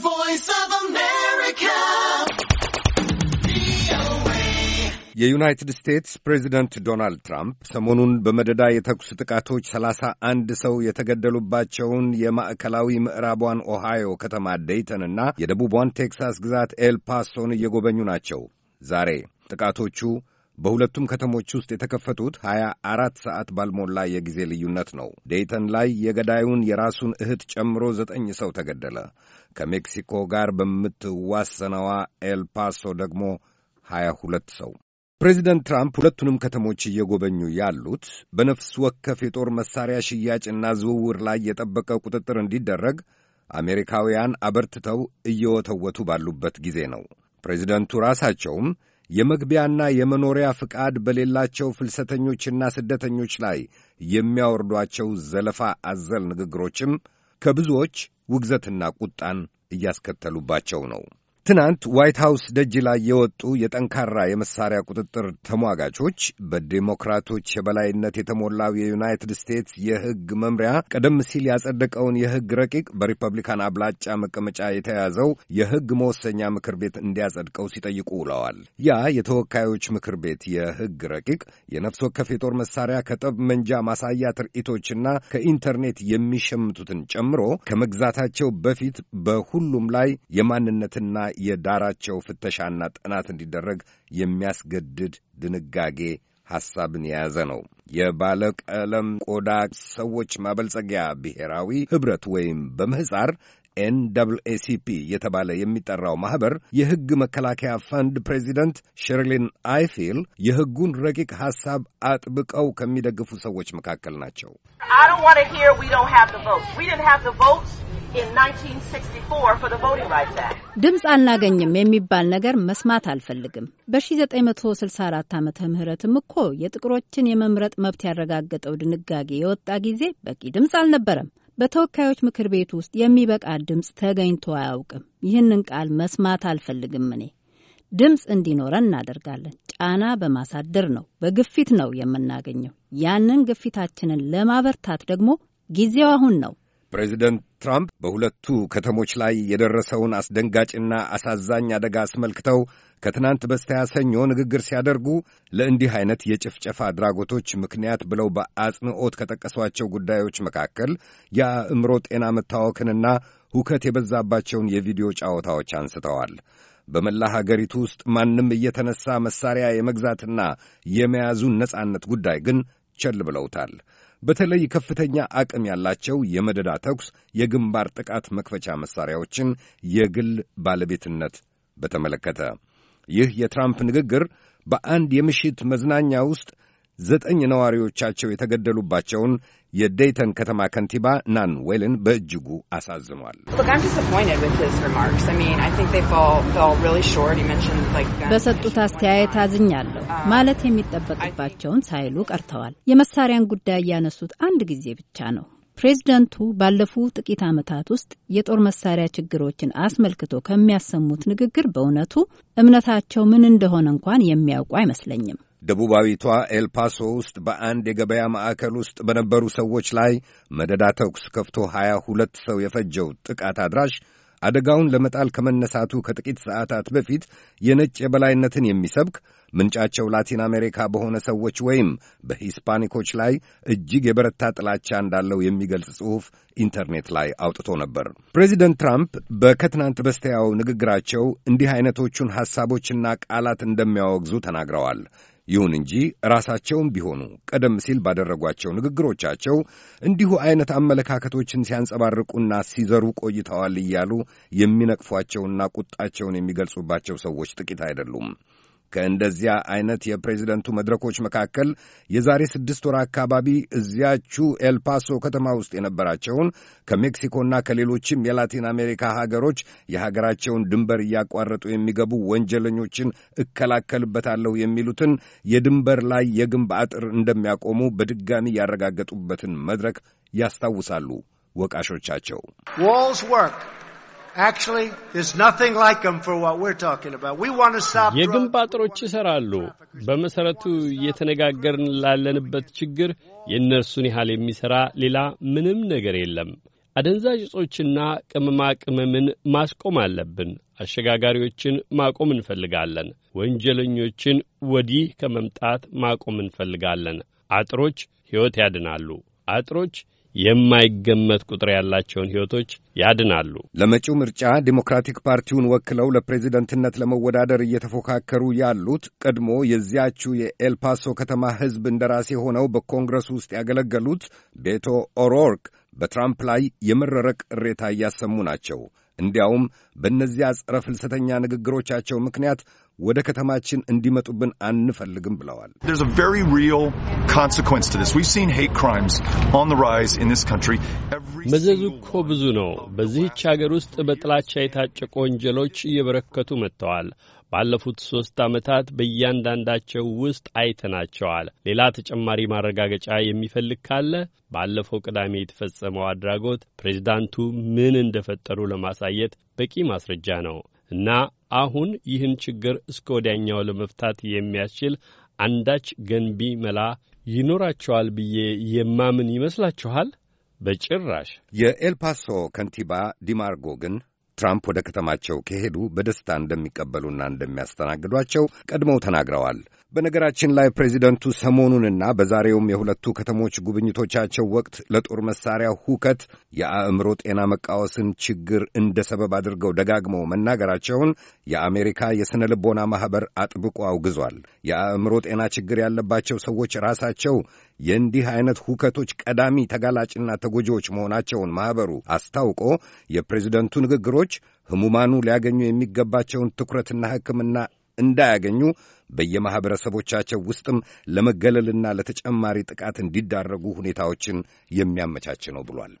Voice of America. የዩናይትድ ስቴትስ ፕሬዚደንት ዶናልድ ትራምፕ ሰሞኑን በመደዳ የተኩስ ጥቃቶች ሰላሳ አንድ ሰው የተገደሉባቸውን የማዕከላዊ ምዕራቧን ኦሃዮ ከተማ ደይተንና የደቡቧን ቴክሳስ ግዛት ኤልፓሶን እየጎበኙ ናቸው ዛሬ ጥቃቶቹ በሁለቱም ከተሞች ውስጥ የተከፈቱት ሀያ አራት ሰዓት ባልሞላ የጊዜ ልዩነት ነው። ዴይተን ላይ የገዳዩን የራሱን እህት ጨምሮ ዘጠኝ ሰው ተገደለ። ከሜክሲኮ ጋር በምትዋሰነዋ ኤልፓሶ ደግሞ ሀያ ሁለት ሰው። ፕሬዚደንት ትራምፕ ሁለቱንም ከተሞች እየጎበኙ ያሉት በነፍስ ወከፍ የጦር መሳሪያ ሽያጭና ዝውውር ላይ የጠበቀ ቁጥጥር እንዲደረግ አሜሪካውያን አበርትተው እየወተወቱ ባሉበት ጊዜ ነው። ፕሬዚደንቱ ራሳቸውም የመግቢያና የመኖሪያ ፍቃድ በሌላቸው ፍልሰተኞችና ስደተኞች ላይ የሚያወርዷቸው ዘለፋ አዘል ንግግሮችም ከብዙዎች ውግዘትና ቁጣን እያስከተሉባቸው ነው። ትናንት ዋይት ሃውስ ደጅ ላይ የወጡ የጠንካራ የመሳሪያ ቁጥጥር ተሟጋቾች በዴሞክራቶች የበላይነት የተሞላው የዩናይትድ ስቴትስ የሕግ መምሪያ ቀደም ሲል ያጸደቀውን የሕግ ረቂቅ በሪፐብሊካን አብላጫ መቀመጫ የተያዘው የሕግ መወሰኛ ምክር ቤት እንዲያጸድቀው ሲጠይቁ ውለዋል። ያ የተወካዮች ምክር ቤት የሕግ ረቂቅ የነፍስ ወከፍ የጦር መሳሪያ ከጠብ መንጃ ማሳያ ትርኢቶችና ከኢንተርኔት የሚሸምቱትን ጨምሮ ከመግዛታቸው በፊት በሁሉም ላይ የማንነትና የዳራቸው ፍተሻና ጥናት እንዲደረግ የሚያስገድድ ድንጋጌ ሐሳብን የያዘ ነው። የባለቀለም ቆዳ ሰዎች ማበልጸጊያ ብሔራዊ ኅብረት ወይም በምሕፃር ኤንኤሲፒ የተባለ የሚጠራው ማኅበር የሕግ መከላከያ ፈንድ ፕሬዚደንት ሸርሊን አይፊል የሕጉን ረቂቅ ሐሳብ አጥብቀው ከሚደግፉ ሰዎች መካከል ናቸው። ድምፅ አናገኝም የሚባል ነገር መስማት አልፈልግም። በ1964 ዓ ምህረትም እኮ የጥቁሮችን የመምረጥ መብት ያረጋገጠው ድንጋጌ የወጣ ጊዜ በቂ ድምፅ አልነበረም። በተወካዮች ምክር ቤት ውስጥ የሚበቃ ድምፅ ተገኝቶ አያውቅም። ይህንን ቃል መስማት አልፈልግም እኔ። ድምፅ እንዲኖረን እናደርጋለን። ጫና በማሳደር ነው፣ በግፊት ነው የምናገኘው። ያንን ግፊታችንን ለማበርታት ደግሞ ጊዜው አሁን ነው። ፕሬዚደንት ትራምፕ በሁለቱ ከተሞች ላይ የደረሰውን አስደንጋጭና አሳዛኝ አደጋ አስመልክተው ከትናንት በስቲያ ሰኞ ንግግር ሲያደርጉ ለእንዲህ አይነት የጭፍጨፋ አድራጎቶች ምክንያት ብለው በአጽንዖት ከጠቀሷቸው ጉዳዮች መካከል የአእምሮ ጤና መታወክንና ሁከት የበዛባቸውን የቪዲዮ ጨዋታዎች አንስተዋል። በመላ ሀገሪቱ ውስጥ ማንም እየተነሳ መሳሪያ የመግዛትና የመያዙን ነጻነት ጉዳይ ግን ቸል ብለውታል። በተለይ ከፍተኛ አቅም ያላቸው የመደዳ ተኩስ የግንባር ጥቃት መክፈቻ መሣሪያዎችን የግል ባለቤትነት በተመለከተ ይህ የትራምፕ ንግግር በአንድ የምሽት መዝናኛ ውስጥ ዘጠኝ ነዋሪዎቻቸው የተገደሉባቸውን የዴይተን ከተማ ከንቲባ ናን ዌልን በእጅጉ አሳዝኗል። በሰጡት አስተያየት አዝኛለሁ። um, ማለት የሚጠበቅባቸውን ሳይሉ ቀርተዋል። የመሳሪያን ጉዳይ ያነሱት አንድ ጊዜ ብቻ ነው። ፕሬዚደንቱ ባለፉ ጥቂት ዓመታት ውስጥ የጦር መሳሪያ ችግሮችን አስመልክቶ ከሚያሰሙት ንግግር በእውነቱ እምነታቸው ምን እንደሆነ እንኳን የሚያውቁ አይመስለኝም። ደቡባዊቷ ኤልፓሶ ውስጥ በአንድ የገበያ ማዕከል ውስጥ በነበሩ ሰዎች ላይ መደዳ ተኩስ ከፍቶ ሀያ ሁለት ሰው የፈጀው ጥቃት አድራሽ አደጋውን ለመጣል ከመነሳቱ ከጥቂት ሰዓታት በፊት የነጭ የበላይነትን የሚሰብክ ምንጫቸው ላቲን አሜሪካ በሆነ ሰዎች ወይም በሂስፓኒኮች ላይ እጅግ የበረታ ጥላቻ እንዳለው የሚገልጽ ጽሑፍ ኢንተርኔት ላይ አውጥቶ ነበር። ፕሬዚደንት ትራምፕ በከትናንት በስተያው ንግግራቸው እንዲህ አይነቶቹን ሐሳቦችና ቃላት እንደሚያወግዙ ተናግረዋል። ይሁን እንጂ ራሳቸውም ቢሆኑ ቀደም ሲል ባደረጓቸው ንግግሮቻቸው እንዲሁ አይነት አመለካከቶችን ሲያንጸባርቁና ሲዘሩ ቆይተዋል እያሉ የሚነቅፏቸውና ቁጣቸውን የሚገልጹባቸው ሰዎች ጥቂት አይደሉም። ከእንደዚያ አይነት የፕሬዚደንቱ መድረኮች መካከል የዛሬ ስድስት ወር አካባቢ እዚያችው ኤልፓሶ ከተማ ውስጥ የነበራቸውን ከሜክሲኮና ከሌሎችም የላቲን አሜሪካ ሀገሮች የሀገራቸውን ድንበር እያቋረጡ የሚገቡ ወንጀለኞችን እከላከልበታለሁ የሚሉትን የድንበር ላይ የግንብ አጥር እንደሚያቆሙ በድጋሚ ያረጋገጡበትን መድረክ ያስታውሳሉ ወቃሾቻቸው። የግንብ አጥሮች ይሠራሉ። በመሠረቱ እየተነጋገርን ላለንበት ችግር የእነርሱን ያህል የሚሠራ ሌላ ምንም ነገር የለም። አደንዛዥ እጾችና ቅመማ ቅመምን ማስቆም አለብን። አሸጋጋሪዎችን ማቆም እንፈልጋለን። ወንጀለኞችን ወዲህ ከመምጣት ማቆም እንፈልጋለን። አጥሮች ሕይወት ያድናሉ። አጥሮች የማይገመት ቁጥር ያላቸውን ሕይወቶች ያድናሉ። ለመጪው ምርጫ ዲሞክራቲክ ፓርቲውን ወክለው ለፕሬዚደንትነት ለመወዳደር እየተፎካከሩ ያሉት ቀድሞ የዚያችው የኤልፓሶ ከተማ ሕዝብ እንደራሴ ሆነው በኮንግረስ ውስጥ ያገለገሉት ቤቶ ኦሮርክ በትራምፕ ላይ የመረረ ቅሬታ እያሰሙ ናቸው። እንዲያውም በእነዚያ ጸረ ፍልሰተኛ ንግግሮቻቸው ምክንያት ወደ ከተማችን እንዲመጡብን አንፈልግም ብለዋል። መዘዙ እኮ ብዙ ነው። በዚህች አገር ውስጥ በጥላቻ የታጨቁ ወንጀሎች እየበረከቱ መጥተዋል። ባለፉት ሦስት ዓመታት በእያንዳንዳቸው ውስጥ አይተናቸዋል። ሌላ ተጨማሪ ማረጋገጫ የሚፈልግ ካለ ባለፈው ቅዳሜ የተፈጸመው አድራጎት ፕሬዚዳንቱ ምን እንደፈጠሩ ለማሳየት በቂ ማስረጃ ነው እና አሁን ይህን ችግር እስከ ወዲያኛው ለመፍታት የሚያስችል አንዳች ገንቢ መላ ይኖራቸዋል ብዬ የማምን ይመስላችኋል? በጭራሽ። የኤልፓሶ ከንቲባ ዲማርጎ ግን ትራምፕ ወደ ከተማቸው ከሄዱ በደስታ እንደሚቀበሉና እንደሚያስተናግዷቸው ቀድመው ተናግረዋል። በነገራችን ላይ ፕሬዚደንቱ ሰሞኑንና በዛሬውም የሁለቱ ከተሞች ጉብኝቶቻቸው ወቅት ለጦር መሳሪያ ሁከት የአእምሮ ጤና መቃወስን ችግር እንደ ሰበብ አድርገው ደጋግመው መናገራቸውን የአሜሪካ የሥነ ልቦና ማኅበር አጥብቆ አውግዟል። የአእምሮ ጤና ችግር ያለባቸው ሰዎች ራሳቸው የእንዲህ አይነት ሁከቶች ቀዳሚ ተጋላጭና ተጎጂዎች መሆናቸውን ማኅበሩ አስታውቆ የፕሬዚደንቱ ንግግሮች ሕሙማኑ ሊያገኙ የሚገባቸውን ትኩረትና ሕክምና እንዳያገኙ በየማኅበረሰቦቻቸው ውስጥም ለመገለልና ለተጨማሪ ጥቃት እንዲዳረጉ ሁኔታዎችን የሚያመቻች ነው ብሏል።